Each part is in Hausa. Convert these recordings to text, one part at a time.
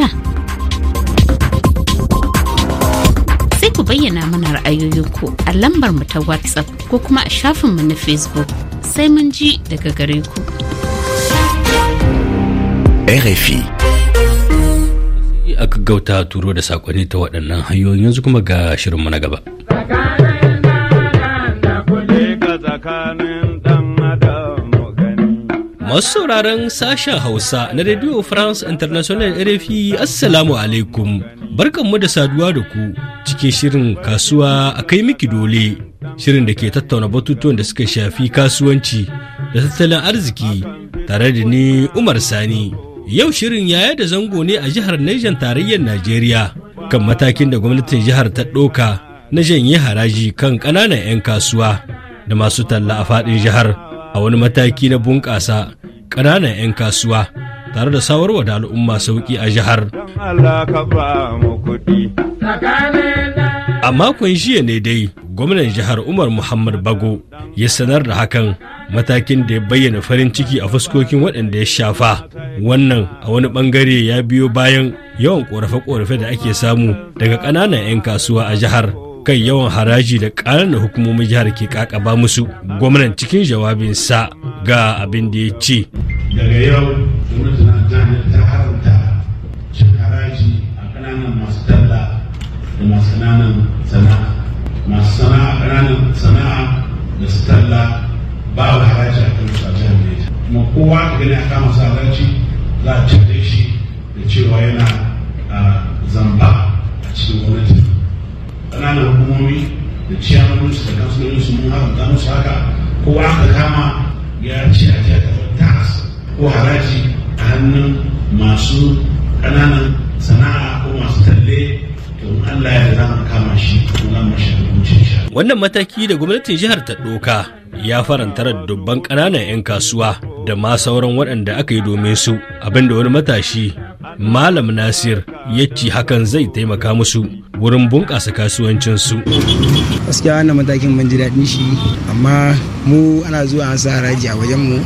matsala? Sai ku bayyana mana ra'ayoyinku a lambar mu ta WhatsApp ko kuma a shafin mu na Facebook sai mun ji daga gare ku. RFI a gaggauta turo da sakonni ta waɗannan hanyoyin yanzu kuma ga shirinmu na gaba. Masu sauraron sashen Hausa na Radio France International RFI Assalamu alaikum. Barkanmu da saduwa da ku cikin shirin kasuwa a kai miki dole. Shirin da ke tattauna batutuwan da suka shafi kasuwanci da tattalin arziki tare da ni Umar Sani. Yau shirin yaya da zango ne a jihar nijan tarayyar Najeriya kan matakin da gwamnatin jihar ta ɗauka na janye haraji kan ƙananan 'yan kasuwa da masu talla a faɗin jihar. a wani mataki na bunƙasa ƙananan 'yan kasuwa tare da sawarwa da al'umma sauƙi a jihar. A makon jiya ne dai gwamnan jihar Umar Muhammad Bago ya sanar da hakan matakin da ya bayyana farin ciki a fuskokin waɗanda ya shafa. Wannan a wani ɓangare ya biyo bayan yawan ƙorafe-ƙorafe da ake samu daga ƙananan 'yan kasuwa a jihar. kan yawan haraji da ƙarar da hukumomin jihar ke kakaba musu gwamnan cikin jawabinsa ga abin da ya ce daga yau gwamnati na jihar ta haramta cin haraji a ƙananan masu talla da masu ƙananan sana'a masu sana'a ƙananan sana'a da su talla ba wa haraji a kan su a jihar Neja kuma kowa da gani a kama sa haraji za a cire shi da cewa yana ah, zamba a cikin gwamnati ƙananan hukumomi da ciyamomin su da kansulonin su mun da musu haka ko aka kama ya ce a ta tax ko haraji a hannun masu ƙananan sana'a ko masu talle Wannan mataki da gwamnatin jihar ta ɗoka ya faranta dubban ƙananan 'yan kasuwa da ma sauran waɗanda aka yi domin su abinda wani matashi Malam Nasir ya ce hakan zai taimaka musu wurin bunƙasa kasuwancinsu. Gaskiya wannan matakin ban ji daɗin shi amma mu ana zuwa an sa haraji a wajenmu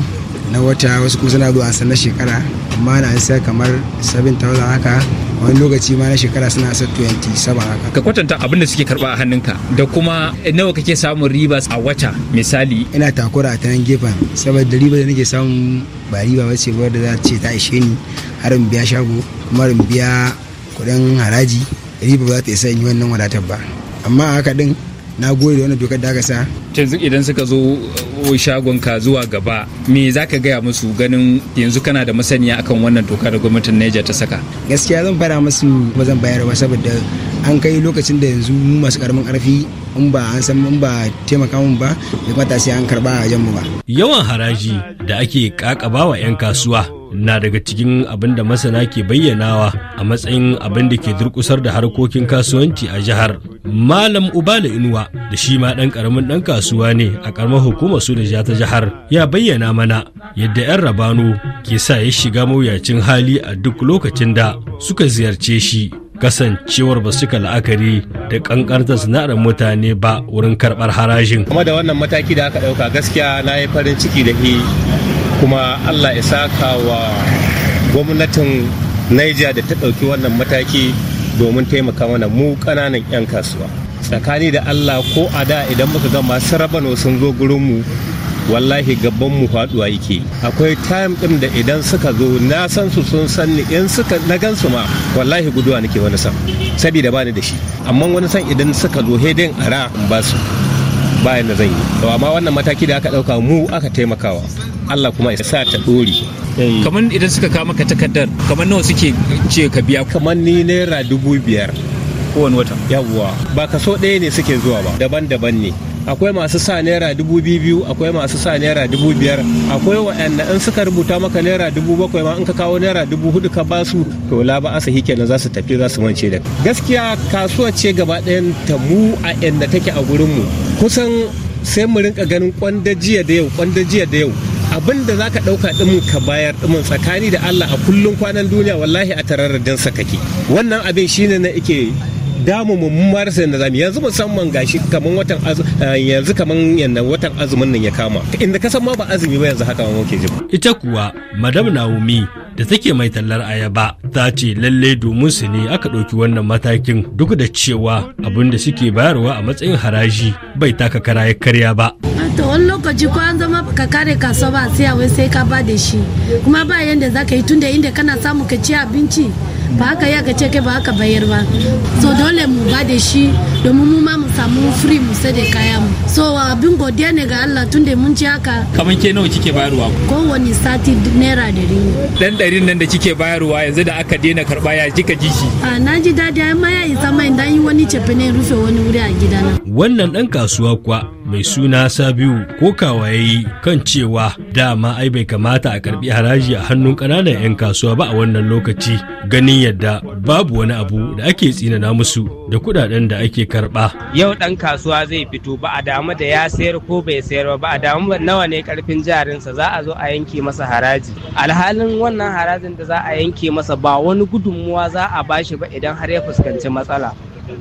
na wata wasu kuma suna zuwa an na shekara amma na an sa kamar 7,000 haka wani lokaci ma na shekara suna sa 27 haka. Ka kwatanta abin da suke karba a hannunka da kuma nawa kake samun riba a wata misali. Ina takura a ta gefen saboda riba da nake samun ba riba ba ce ba da za ce ta ishe ni har in biya shago kuma in biya kuɗin haraji riba ba za ta isa in yi wannan wadatar ba amma haka din na goyi da wani dokar da aka sa yanzu idan suka zo uh, shagon ka zuwa gaba me za ka gaya musu ganin yanzu kana da masaniya akan wannan doka da gwamnatin Niger ta saka gaskiya zan fara musu ba zan bayar ba saboda an kai lokacin da yanzu mu masu karamin karfi in ba an san in ba taimaka mun ba da sai an karba a mu ba yawan haraji da ake kakabawa 'yan kasuwa na daga cikin abin da masana ke bayyanawa a matsayin abin da ke durkusar da harkokin kasuwanci a jihar malam ubala inuwa da shi ma ɗan ƙaramin ɗan kasuwa ne a ƙaramar hukumar su da ta jihar ya bayyana mana yadda 'yan rabano ke sa ya shiga mawuyacin hali a duk lokacin da suka ziyarce shi kasancewar ba suka la'akari da kankantar sana'ar mutane ba wurin karbar harajin. kuma da wannan mataki da aka dauka gaskiya na yi farin ciki da shi kuma allah ya saka wa gwamnatin niger da ta ɗauki wannan mataki domin taimaka mana mu ƙananan 'yan kasuwa tsakani da allah ko a da idan muka ga masu rabano sun zo mu, wallahi gabban mu faduwa yake akwai time din da idan suka zo na san su sun san ni in suka na gan su ma wallahi guduwa nake wani san saboda bani da shi amma wani san idan suka zo hedin ara ba su bayan da zan yi to amma wannan mataki da aka dauka mu aka taimakawa Allah kuma ya sa ta dori. Eh. kamar idan suka kawo maka takardar kamar nawa suke ce ka biya kamar ni naira dubu biyar kowane wata yawwa ba kaso ɗaya ne suke zuwa ba daban-daban ne akwai masu sa naira dubu biyu akwai masu sa naira dubu biyar akwai waɗanda in suka rubuta maka naira dubu bakwai ma in ka kawo naira dubu hudu ka ba su to la ba asa hike za su tafi za su mance da gaskiya kasuwa ce gaba ɗayan ta mu a inda take a gurinmu mu kusan sai mu rinka ganin kwandajiya da yau kwandajiya da yau abin da zaka ɗauka ɗimin ka bayar ɗimin tsakani da Allah a kullum kwanan duniya wallahi a tararradin sa kake wannan abin shine na ike damu mummar sai na zamu yanzu musamman gashi kaman watan eh, yanzu kaman watan azumin nan ya kama inda ka san ma ba azumi ba yanzu haka ma muke ji ita kuwa madam Naomi da take mai tallar ayaba ta ce lalle domin su ne aka ɗauki wannan matakin duk da cewa abin da suke bayarwa a matsayin haraji bai taka karaya karya ba to wani lokaci ko an zama ka kare kasuwa ba sai wai sai ka ba da shi kuma ba yanda za ka yi tunda inda kana samu ka ci abinci ba haka ya ka ce kai ba haka bayar ba so dole mu ba da shi domin mu ma mu samu free mu sai da kaya mu so abin godiya ne ga Allah tunda mun ci haka kamar ke nawa kike bayarwa Ko wani sati naira dari dan dari nan da kike bayarwa yanzu da aka daina karba ya kika ji shi a na ji daɗi amma ya isa mai dan yi wani cefe ne rufe wani wuri a gidana wannan dan kasuwa kuwa mai suna Sabiu kokawa ya kan cewa dama ai bai kamata a karbi haraji a hannun ƙananan 'yan kasuwa ba a wannan lokaci ganin yadda babu wani abu da ake tsinana musu da kudaden da ake karba. Yau ɗan kasuwa zai fito ba a damu da ya sayar ko bai sayar ba a damu nawa ne karfin jarinsa za a zo a yanke masa haraji. Alhalin wannan harajin da za a yanke masa ba wani gudunmuwa za a bashi ba idan har ya fuskanci matsala.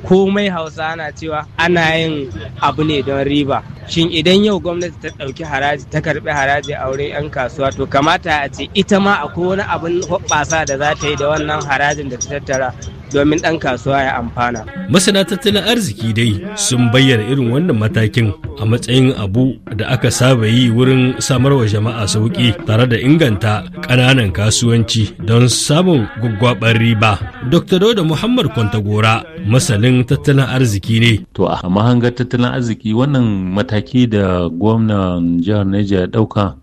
komai hausa ana cewa ana yin abu ne don riba shin idan yau gwamnati ta ɗauki haraji ta karɓi haraji a wurin 'yan kasuwa to kamata a ce ita ma akwai wani abun hoɓɓasa da za ta yi da wannan harajin da ta tattara domin ɗan kasuwa ya amfana. Masana tattalin arziki dai sun bayyana irin wannan matakin a matsayin abu da aka saba yi wurin samarwa jama'a sauƙi tare da inganta ƙananan kasuwanci don samun gwaggwaɓar riba. Dr. Dauda Muhammad Kwantagora masanin tattalin arziki ne. To a mahangar tattalin arziki wannan mataki da gwamnan jihar Niger ɗauka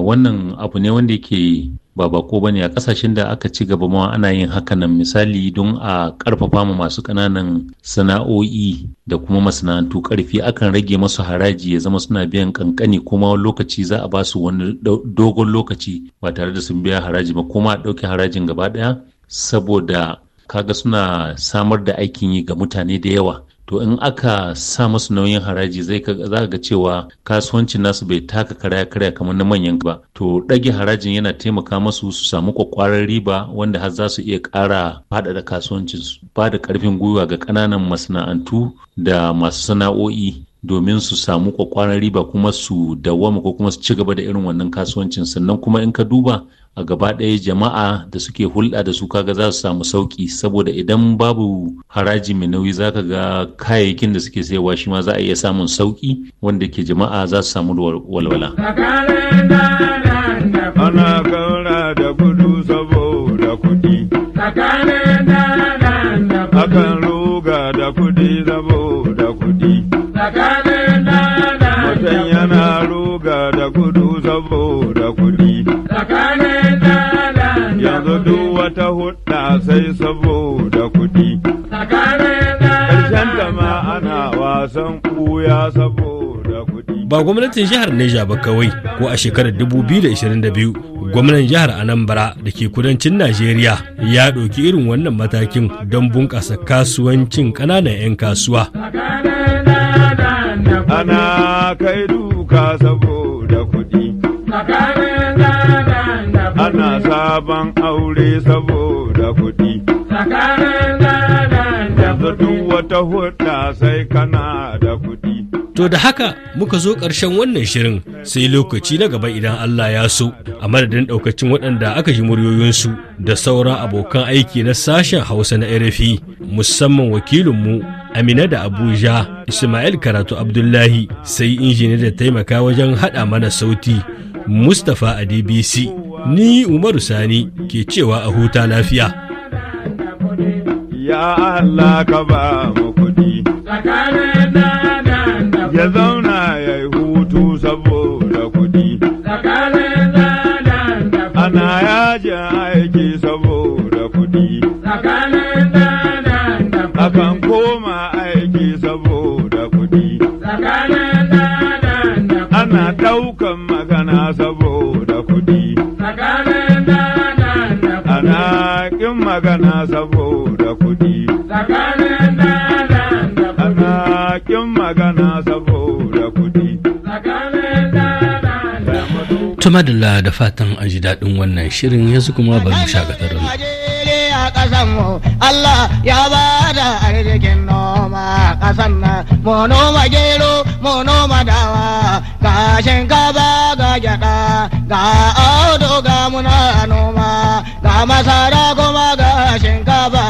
wannan abu ne wanda ke ba bako bane a kasashen da aka ci gaba ma ana yin hakanan misali don a karfafa ma masu kananan sana'o'i da kuma masana'antu karfi akan rage masu haraji ya zama suna biyan kankani kuma lokaci za a basu wani dogon lokaci ba tare da sun biya haraji ba kuma a ɗauke harajin gaba ɗaya saboda kaga suna samar da aikin yi ga mutane da yawa to in aka sa masu nauyin haraji zai za ga cewa kasuwancin nasu bai taka karaya karaya kamar na manyan ba to ɗage harajin yana taimaka masu su samu kwakwaran riba wanda har za su iya ƙara faɗaɗa kasuwancin ba da ƙarfin gwiwa ga ƙananan masana'antu da masu sana'o'i domin su samu kwakwaran riba kuma su dawwama ko kuma su ci gaba da irin wannan kasuwancin sannan kuma in ka duba a gaba ɗaya jama'a da suke hulɗa da su kaga za su samu sauƙi saboda idan babu haraji mai nauyi za ka ga kayayyakin da suke sayarwa shi ma za a iya samun sauƙi wanda ke jama'a za su samu walwala. Ana kaura da gudu saboda Akan ruga da kuɗi saboda kuɗi. ba gwamnatin jihar Neja ba kawai ko a shekarar 2022 gwamnan jihar Anambra da ke kudancin Najeriya ya ɗauki irin wannan matakin don bunƙasa kasuwancin ƙananan 'yan kasuwa. Ana kai sabon aure saboda kuɗi. Yanzu duk wata sai kana da kuɗi. To da haka muka zo ƙarshen wannan shirin sai lokaci na gaba idan Allah ya so a madadin ɗaukacin waɗanda aka ji muryoyinsu da sauran abokan aiki na sashen Hausa na RFI musamman wakilinmu Amina da Abuja Ismail Karatu Abdullahi sai injini da taimaka wajen haɗa mana sauti Mustapha a DBC ni Umaru Sani ke cewa a huta lafiya. Ya Allah ka ba mu kuɗi. ya zauna ya yi hutu saboda kuɗi. Ana yajin aiki saboda kuɗi. Akan koma aiki saboda kuɗi. Ana daukan magana saboda kuɗi. Ana kin magana saboda to madalla da fatan an ji daɗin wannan shirin yanzu kuma ba mu shakatar mu. Allah ya ba da arzikin noma ƙasan nan mono noma gero mu noma dawa ga shinkafa ga gyaɗa ga auto ga muna noma ga masara kuma ga shinkafa